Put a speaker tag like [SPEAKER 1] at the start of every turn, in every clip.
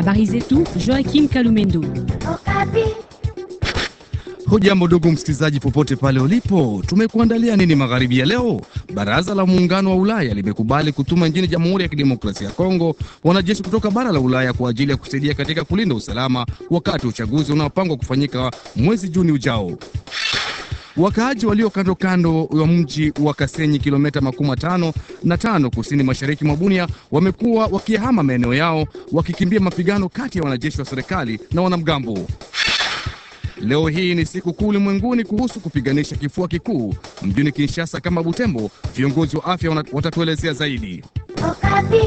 [SPEAKER 1] Habari zetu Joaquim Kalumendo.
[SPEAKER 2] Hujambo ndugu msikilizaji, popote pale ulipo, tumekuandalia nini magharibi ya leo? Baraza la Muungano wa Ulaya limekubali kutuma nchini Jamhuri ya Kidemokrasia ya Kongo wanajeshi kutoka bara la Ulaya kwa ajili ya kusaidia katika kulinda usalama wakati uchaguzi unaopangwa kufanyika mwezi Juni ujao. Wakaaji walio kando kando wa mji wa Kasenyi, kilomita makumi tano na tano kusini mashariki mwa Bunia, wamekuwa wakihama maeneo yao wakikimbia mapigano kati ya wanajeshi wa serikali na wanamgambo. Leo hii ni siku kuu ulimwenguni kuhusu kupiganisha kifua kikuu. Mjini Kinshasa kama Butembo, viongozi wa afya watatuelezea zaidi Okapi.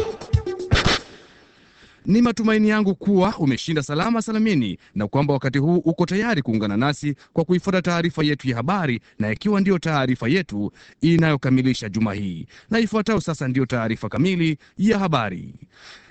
[SPEAKER 2] Ni matumaini yangu kuwa umeshinda salama salamini na kwamba wakati huu uko tayari kuungana nasi kwa kuifuata taarifa yetu ya habari, na ikiwa ndiyo taarifa yetu inayokamilisha juma hii, na ifuatayo sasa ndiyo taarifa kamili ya habari.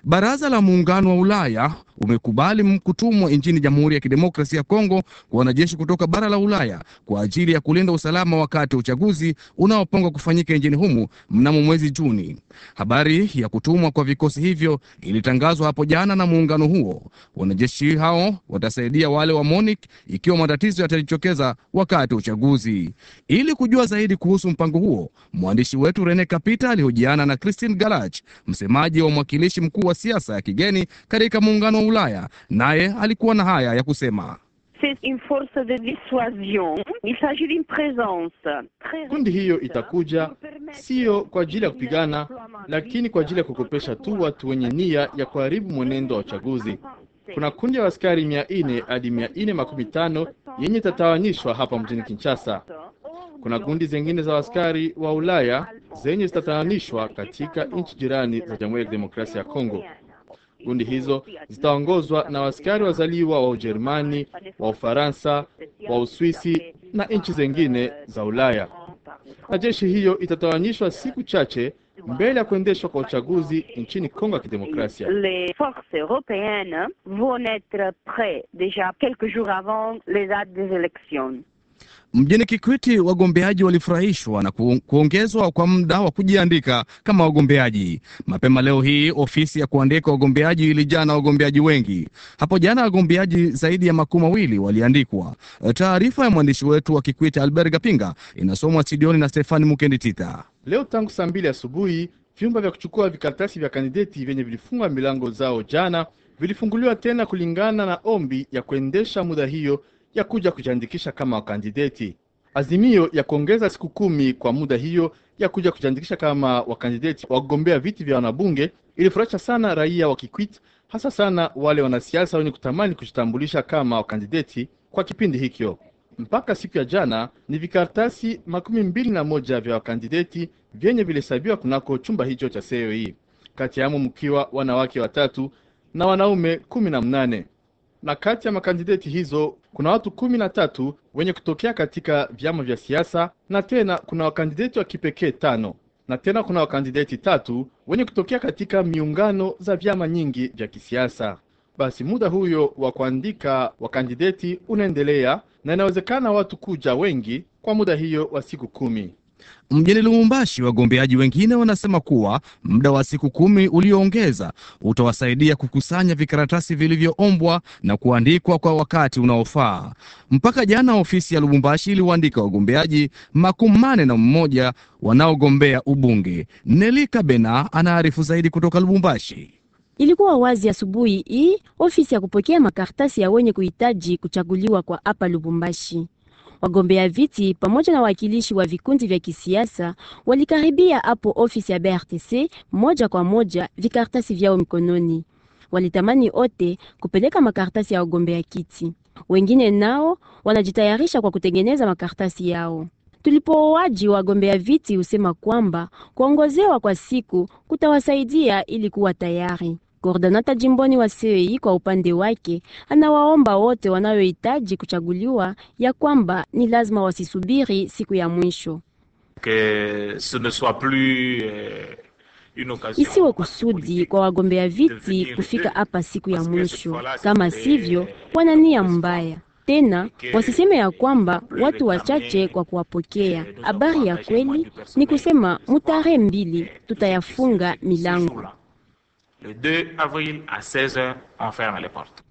[SPEAKER 2] Baraza la Muungano wa Ulaya umekubali kutumwa nchini Jamhuri ya Kidemokrasia ya Kongo kwa wanajeshi kutoka bara la Ulaya kwa ajili ya kulinda usalama wakati wa uchaguzi unaopangwa kufanyika nchini humu mnamo mwezi Juni. Habari ya kutumwa kwa vikosi hivyo ilitangazwa hapo jana na muungano huo. Wanajeshi hao watasaidia wale wa MONUC ikiwa matatizo yatajitokeza wakati wa uchaguzi. Ili kujua zaidi kuhusu mpango huo, mwandishi wetu Rene Kapita alihojiana na Christine Galach, msemaji wa mwakilishi mkuu wa siasa ya kigeni katika muungano wa Ulaya, naye alikuwa na haya ya kusema.
[SPEAKER 3] Kundi hiyo itakuja sio kwa ajili ya kupigana, lakini kwa ajili ya kukopesha tu watu wenye nia ya kuharibu mwenendo wa uchaguzi. Kuna kundi ya askari mia nne hadi mia nne makumi tano yenye itatawanyishwa hapa mjini Kinshasa. Kuna kundi zingine za askari wa Ulaya zenye zitatanishwa katika nchi jirani za Jamhuri ya Kidemokrasia ya Kongo. Kundi hizo zitaongozwa na askari wazaliwa wa Ujerumani, wa Ufaransa, wa Uswisi na nchi zingine za Ulaya. Na jeshi hiyo itatawanyishwa siku chache mbele ya kuendeshwa kwa uchaguzi nchini Kongo ya Kidemokrasia.
[SPEAKER 2] Mjini Kikwiti, wagombeaji walifurahishwa na kuongezwa kwa muda wa kujiandika kama wagombeaji. Mapema leo hii ofisi ya kuandika wagombeaji ilijaa na wagombeaji wengi. Hapo jana wagombeaji zaidi ya makumi mawili waliandikwa. Taarifa ya mwandishi wetu wa Kikwiti Albert Gapinga inasomwa studioni na Stefani Mukenditita.
[SPEAKER 3] Leo tangu saa mbili asubuhi vyumba vya kuchukua vikaratasi vya kandideti vyenye vilifunga milango zao jana vilifunguliwa tena kulingana na ombi ya kuendesha muda hiyo ya kuja kujiandikisha kama wakandideti. Azimio ya kuongeza siku kumi kwa muda hiyo ya kuja kujiandikisha kama wakandideti wagombea viti vya wanabunge ilifurahisha sana raia wa Kikwit, hasa sana wale wanasiasa wenye kutamani kujitambulisha kama wakandideti kwa kipindi hicho. Mpaka siku ya jana ni vikaratasi makumi mbili na moja vya wakandideti vyenye vilihesabiwa kunako chumba hicho cha seo hii, e, kati yamo mkiwa wanawake watatu na wanaume kumi na mnane na kati ya makandideti hizo kuna watu kumi na tatu wenye kutokea katika vyama vya siasa, na tena kuna wakandideti wa kipekee tano, na tena kuna wakandideti tatu wenye kutokea katika miungano za vyama nyingi vya kisiasa. Basi muda huyo wa kuandika wakandideti unaendelea na inawezekana watu kuja wengi kwa muda hiyo wa siku kumi.
[SPEAKER 2] Mjini Lumumbashi, wagombeaji wengine wanasema kuwa muda wa siku kumi ulioongeza utawasaidia kukusanya vikaratasi vilivyoombwa na kuandikwa kwa wakati unaofaa. Mpaka jana ofisi ya Lumumbashi iliwaandika wagombeaji makumi mane na mmoja wanaogombea ubunge. Neli Kabena anaarifu zaidi kutoka Lumumbashi.
[SPEAKER 1] Ilikuwa wazi asubuhi hii ofisi ya kupokea makaratasi ya wenye kuhitaji kuchaguliwa kwa hapa Lubumbashi. Wagombea viti pamoja na wawakilishi wa vikundi vya kisiasa walikaribia hapo ofisi ya BRTC moja kwa moja, vikaratasi vyao mikononi. Walitamani ote kupeleka makaratasi ya wagombea kiti. Wengine nao wanajitayarisha kwa kutengeneza makaratasi yao. Tulipowaji wagombea viti husema kwamba kuongozewa kwa siku kutawasaidia ili kuwa tayari. Koordinata jimboni wa CEI kwa upande wake anawaomba wote wanayohitaji kuchaguliwa ya kwamba ni lazima wasisubiri siku ya mwisho,
[SPEAKER 4] eh,
[SPEAKER 5] isiwe
[SPEAKER 1] kusudi kwa wagombea viti kufika hapa siku ya mwisho. Kama sivyo, wana nia mbaya tena wasiseme ya kwamba watu wachache kwa kuwapokea. Habari ya kweli ni kusema mutare mbili tutayafunga milango
[SPEAKER 6] le 2 avril à 16h on ferme les portes.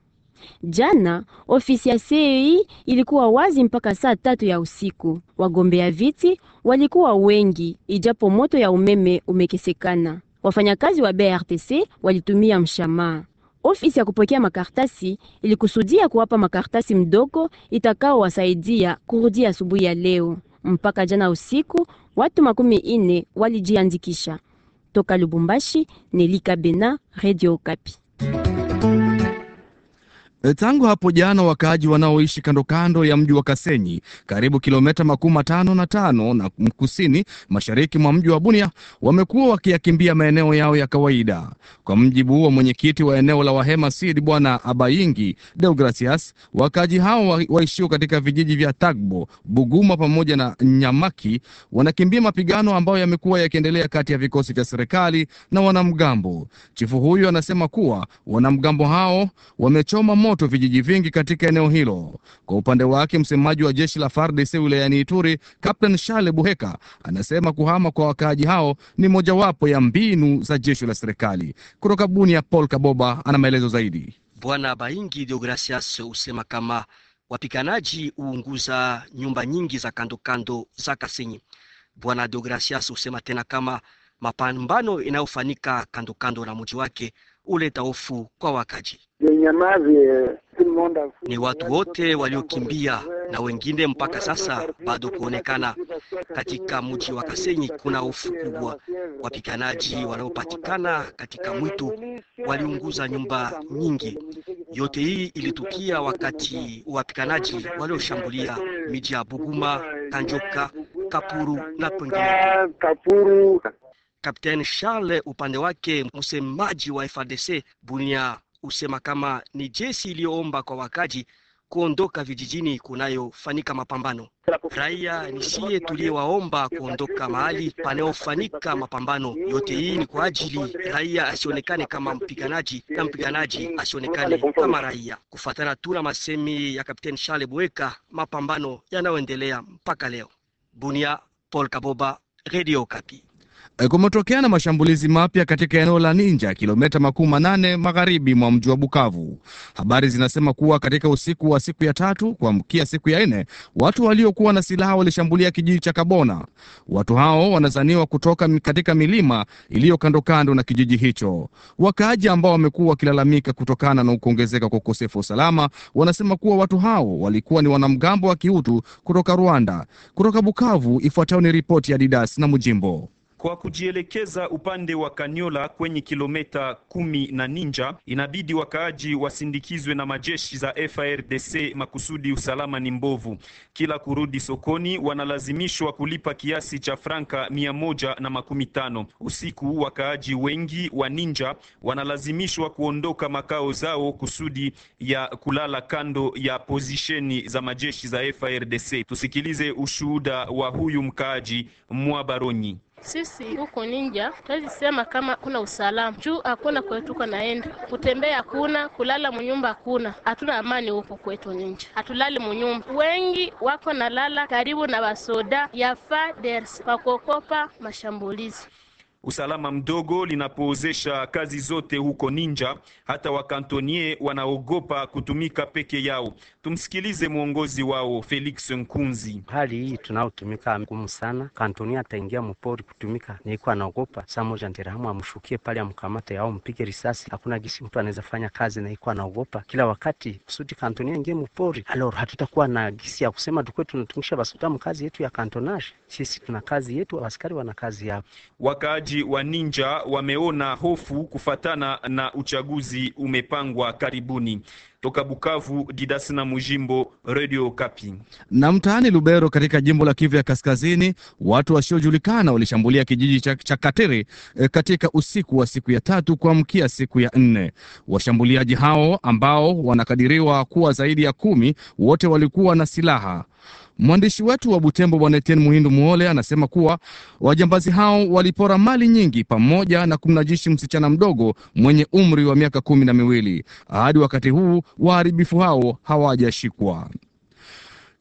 [SPEAKER 1] Jana ofisi ya CEI ilikuwa wazi mpaka saa tatu ya usiku. Wagombea viti walikuwa wengi, ijapo moto ya umeme umekesekana. Wafanyakazi wa BRTC walitumia mshamaa. Ofisi ya kupokea makartasi ilikusudia kuwapa makartasi mdogo itakaowasaidia kurudia asubuhi ya leo. Mpaka jana usiku watu makumi ine walijiandikisha. toka lubumbashi nelika bena radio kapi
[SPEAKER 2] E, tangu hapo jana wakaaji wanaoishi kando kando ya mji wa Kasenyi karibu kilomita makumi tano na tano na kusini mashariki mwa mji wa Bunia wamekuwa wakiyakimbia maeneo yao ya kawaida. Kwa mjibu wa mwenyekiti wa eneo la Wahema Sid Bwana Abayingi Deogracias, wakaaji hao waishio katika vijiji vya Tagbo, Buguma pamoja na Nyamaki wanakimbia mapigano ambayo yamekuwa yakiendelea kati ya vikosi vya serikali na wanamgambo. Chifu huyu anasema kuwa wanamgambo hao wamechoma moto vijiji vingi katika eneo hilo. Kwa upande wake, msemaji wa jeshi la FARDC wilayani Ituri, Kapteni Shale Buheka, anasema kuhama kwa wakaaji hao ni mojawapo ya mbinu za jeshi la serikali. Kutoka Bunia, Paul Kaboba ana maelezo zaidi.
[SPEAKER 7] Bwana Baingi Deogracias husema kama wapiganaji huunguza nyumba nyingi za kandokando kando za Kasenyi. Bwana Deogracias husema tena kama mapambano inayofanyika kando kando na mji wake huleta hofu kwa wakaji. Ni watu wote waliokimbia na wengine mpaka sasa bado kuonekana katika mji wa Kasenyi. Kuna hofu kubwa. Wapiganaji wanaopatikana katika mwitu waliunguza nyumba nyingi. Yote hii ilitukia wakati wapiganaji walioshambulia miji ya Buguma, Kanjoka, Kapuru na
[SPEAKER 6] pengineko.
[SPEAKER 7] Kapteni Charles upande wake, msemaji wa frdc Bunia usema kama ni jeshi iliyoomba kwa wakaji kuondoka vijijini kunayofanyika mapambano. Raia ni siye tuliyewaomba kuondoka mahali panayofanyika mapambano. Yote hii ni kwa ajili raia asionekane kama mpiganaji na mpiganaji asionekane kama raia, kufuatana tu na masemi ya Kapteni Charles Bweka, mapambano yanayoendelea mpaka leo. Bunia, Paul Kaboba, Radio Kapi.
[SPEAKER 2] Eh, kumetokea na mashambulizi mapya katika eneo la Ninja, kilomita makumi manane magharibi mwa mji wa Bukavu. Habari zinasema kuwa katika usiku wa siku ya tatu kuamkia siku ya nne, watu waliokuwa na silaha walishambulia kijiji cha Kabona. Watu hao wanazaniwa kutoka katika milima iliyo kandokando na kijiji hicho. Wakaaji ambao wamekuwa wakilalamika kutokana na kuongezeka kwa ukosefu wa usalama wanasema kuwa watu hao walikuwa ni wanamgambo wa kiutu kutoka Rwanda. Kutoka Bukavu, ifuatayo ni ripoti ya Didas na Mujimbo.
[SPEAKER 4] Kwa kujielekeza upande wa Kanyola kwenye kilometa kumi na Ninja, inabidi wakaaji wasindikizwe na majeshi za FARDC makusudi usalama ni mbovu. Kila kurudi sokoni wanalazimishwa kulipa kiasi cha franka mia moja na makumi tano. Usiku wakaaji wengi wa Ninja wanalazimishwa kuondoka makao zao kusudi ya kulala kando ya pozisheni za majeshi za FARDC. Tusikilize ushuhuda wa huyu mkaaji Mwabaronyi.
[SPEAKER 1] Sisi huko Ninja tuwezi sema kama kuna usalama juu, hakuna kwetu tuko naenda kutembea, hakuna kulala munyumba, hakuna hatuna amani huko kwetu Ninja, hatulali munyumba. Wengi wako nalala karibu na wasoda ya FARDC kuokopa mashambulizi
[SPEAKER 4] usalama mdogo linapoozesha kazi zote huko Ninja, hata wakantonie wanaogopa kutumika
[SPEAKER 8] peke yao. Tumsikilize mwongozi wao Felix Nkunzi. Hali hii tunaotumika ngumu sana, kantonia ataingia mpori kutumika, niiko, anaogopa saa moja nderahamu amshukie pale amkamate au mpige risasi. Hakuna gisi mtu anaweza fanya kazi, naiko anaogopa kila wakati kusudi kantonia aingie mpori. Alor, hatutakuwa na gisi ya kusema tukwe tunatumisha basutamu kazi yetu ya kantonaje. Sisi tuna kazi yetu, askari wana kazi yao.
[SPEAKER 4] Wakaaji waandamanaji wa Ninja wameona hofu kufatana na uchaguzi umepangwa karibuni. Toka Bukavu, Didas na Mujimbo, Radio Kapi.
[SPEAKER 2] Na mtaani Lubero katika jimbo la Kivu ya Kaskazini, watu wasiojulikana walishambulia kijiji cha, cha Katere e, katika usiku wa siku ya tatu kuamkia siku ya nne. Washambuliaji hao ambao wanakadiriwa kuwa zaidi ya kumi, wote walikuwa na silaha. Mwandishi wetu wa Butembo Bwana Etienne Muhindu Muole anasema kuwa wajambazi hao walipora mali nyingi pamoja na kumnajishi msichana mdogo mwenye umri wa miaka kumi na miwili. Hadi wakati huu waharibifu hao hawajashikwa.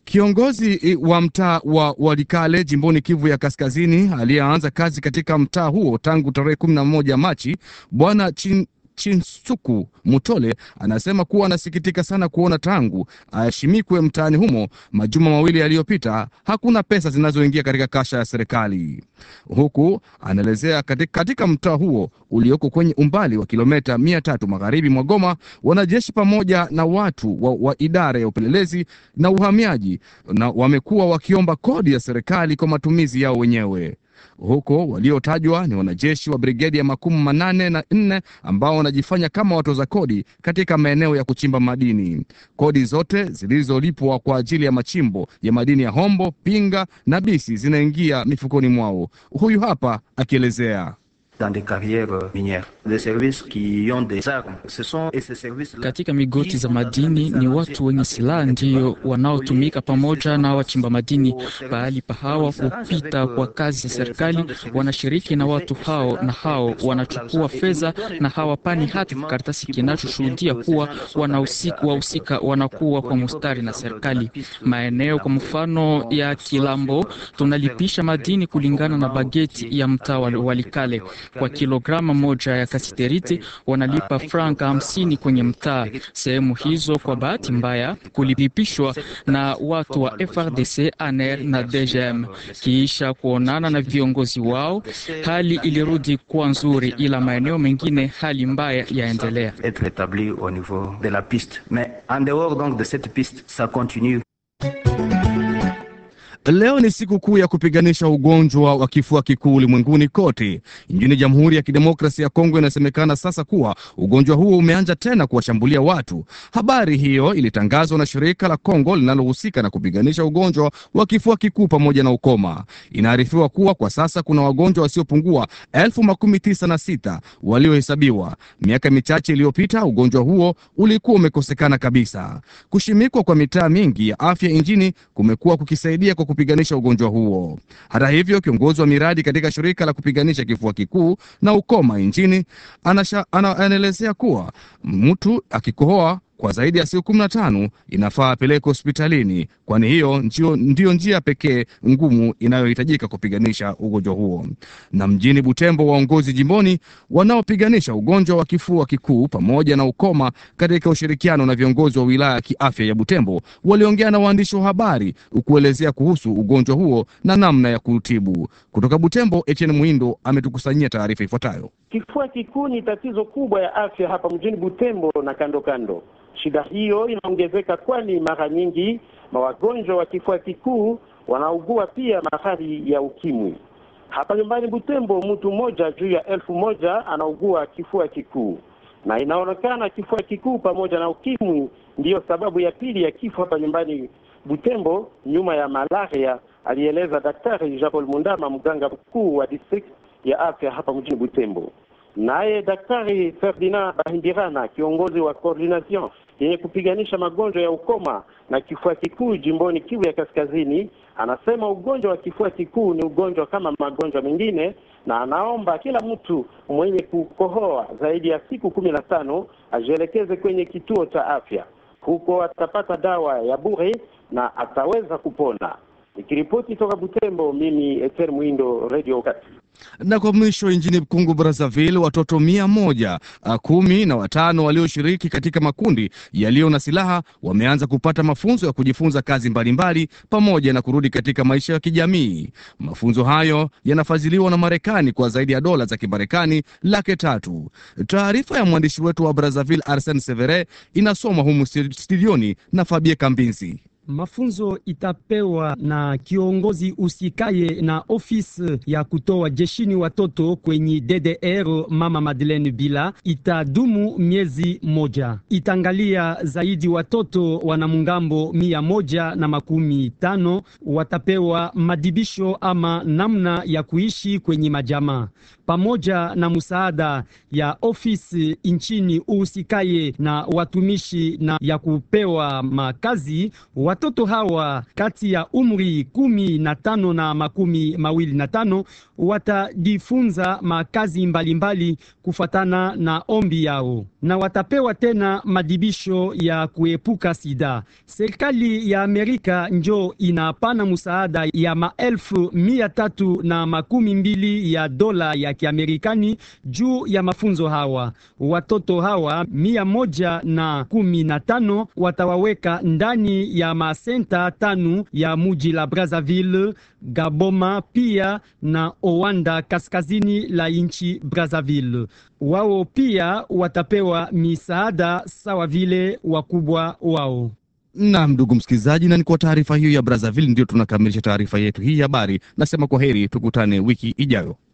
[SPEAKER 2] Kiongozi wa mtaa wa Walikale jimboni Kivu ya Kaskazini aliyeanza kazi katika mtaa huo tangu tarehe 11 Machi, bwana Chin Chinsuku Mutole anasema kuwa anasikitika sana kuona tangu aheshimikwe mtaani humo majuma mawili yaliyopita hakuna pesa zinazoingia katika kasha ya serikali, huku anaelezea katika, katika mtaa huo ulioko kwenye umbali wa kilomita mia tatu magharibi mwa Goma, wanajeshi pamoja na watu wa, wa idara ya upelelezi na uhamiaji na wamekuwa wakiomba kodi ya serikali kwa matumizi yao wenyewe huko waliotajwa ni wanajeshi wa brigedi ya makumi manane na nne ambao wanajifanya kama watoza kodi katika maeneo ya kuchimba madini. Kodi zote zilizolipwa kwa ajili ya machimbo ya madini ya Hombo, Pinga na Bisi zinaingia mifukoni mwao. Huyu hapa akielezea dans des
[SPEAKER 5] katika migoti za madini ni watu wenye silaha ndiyo wanaotumika pamoja na wachimba madini. Pahali pa hawa hupita kwa kazi za serikali, wanashiriki na watu hao, na hao wanachukua fedha na hawapani hata karatasi kinachoshuhudia kuwa wanahusika, wahusika wanakuwa kwa mustari na serikali. Maeneo kwa mfano ya Kilambo tunalipisha madini kulingana na bageti ya mtaa wa Walikale kwa kilograma moja ya kasi Kashiterite wanalipa franka hamsini kwenye mtaa. Sehemu hizo kwa bahati mbaya kulipishwa na watu wa FRDC, ANR na DGM. Kiisha kuonana na viongozi wao, hali ilirudi kuwa nzuri, ila maeneo mengine hali mbaya yaendelea.
[SPEAKER 2] Leo ni siku kuu ya kupiganisha ugonjwa wa kifua kikuu ulimwenguni kote. Nchini Jamhuri ya Kidemokrasia ya Kongo inasemekana sasa kuwa ugonjwa huo umeanza tena kuwashambulia watu. Habari hiyo ilitangazwa na shirika la Kongo linalohusika na kupiganisha ugonjwa wa kifua kikuu pamoja na ukoma. Inaarifiwa kuwa kwa sasa kuna wagonjwa wasiopungua elfu makumi tisa na sita waliohesabiwa. Miaka michache iliyopita ugonjwa huo ulikuwa umekosekana kabisa. Kushimikwa kwa mitaa mingi ya afya nchini kumekuwa kukisaidia kwa kupiganisha ugonjwa huo. Hata hivyo, kiongozi wa miradi katika shirika la kupiganisha kifua kikuu na ukoma nchini anaelezea kuwa mtu akikohoa kwa zaidi ya siku kumi na tano, inafaa apeleke hospitalini, kwani hiyo ndiyo njia pekee ngumu inayohitajika kupiganisha ugonjwa huo. Na mjini Butembo, waongozi jimboni wanaopiganisha ugonjwa wa kifua kikuu pamoja na ukoma katika ushirikiano na viongozi wa wilaya ya kiafya ya Butembo waliongea na waandishi wa habari kuelezea kuhusu ugonjwa huo na namna ya kutibu. Kutoka Butembo, Etienne Muhindo ametukusanyia taarifa ifuatayo.
[SPEAKER 6] Kifua kikuu ni tatizo kubwa ya afya hapa mjini Butembo na kando kando. Shida hiyo inaongezeka, kwani mara nyingi mawagonjwa wa kifua kikuu wanaugua pia mahari ya ukimwi. Hapa nyumbani Butembo, mtu mmoja juu ya elfu moja anaugua kifua kikuu, na inaonekana kifua kikuu pamoja na ukimwi ndiyo sababu ya pili ya kifo hapa nyumbani Butembo, nyuma ya malaria, alieleza Daktari jacol Mundama, mganga mkuu wa district ya afya hapa mjini Butembo. Naye Daktari Ferdinand Bahindirana, kiongozi wa coordination yenye kupiganisha magonjwa ya ukoma na kifua kikuu jimboni Kivu ya Kaskazini, anasema ugonjwa wa kifua kikuu ni ugonjwa kama magonjwa mengine, na anaomba kila mtu mwenye kukohoa zaidi ya siku kumi na tano ajielekeze kwenye kituo cha afya. Huko atapata dawa ya bure na ataweza kupona. Nikiripoti toka Butembo, mimi Esther Mwindo, Radio Okapi.
[SPEAKER 2] Na kwa mwisho, nchini Kongo Brazzaville, watoto mia moja ah, kumi na watano walioshiriki katika makundi yaliyo na silaha wameanza kupata mafunzo ya kujifunza kazi mbalimbali pamoja na kurudi katika maisha ya kijamii. Mafunzo hayo yanafadhiliwa na Marekani kwa zaidi ya dola za Kimarekani laki tatu. Taarifa ya mwandishi wetu wa Brazzaville Arsene Severe inasomwa humu studioni na Fabie Kambinzi
[SPEAKER 8] mafunzo itapewa na kiongozi usikaye na ofisi ya kutoa jeshini watoto kwenye DDR Mama Madeleine Bila, itadumu miezi moja. Itangalia zaidi watoto wanamungambo mia moja na makumi tano watapewa madibisho ama namna ya kuishi kwenye majamaa pamoja na msaada ya ofisi nchini uhusikaye na watumishi na ya kupewa makazi watoto hawa kati ya umri kumi na tano na makumi mawili na tano watajifunza makazi mbalimbali kufatana na ombi yao na watapewa tena madibisho ya kuepuka sida. Serikali ya Amerika njo inapana msaada ya maelfu mia tatu na makumi mbili ya dola ya Kiamerikani juu ya mafunzo hawa. Watoto hawa mia moja na kumi na tano watawaweka ndani ya masenta tano ya muji la Brazzaville, Gaboma pia na Owanda kaskazini la nchi Brazzaville. Wao pia watapewa misaada sawa vile
[SPEAKER 2] wakubwa wao. Naam, ndugu msikilizaji, na ni kwa taarifa hiyo ya Brazzaville ndio tunakamilisha taarifa yetu hii ya habari. Nasema kwa heri, tukutane wiki ijayo.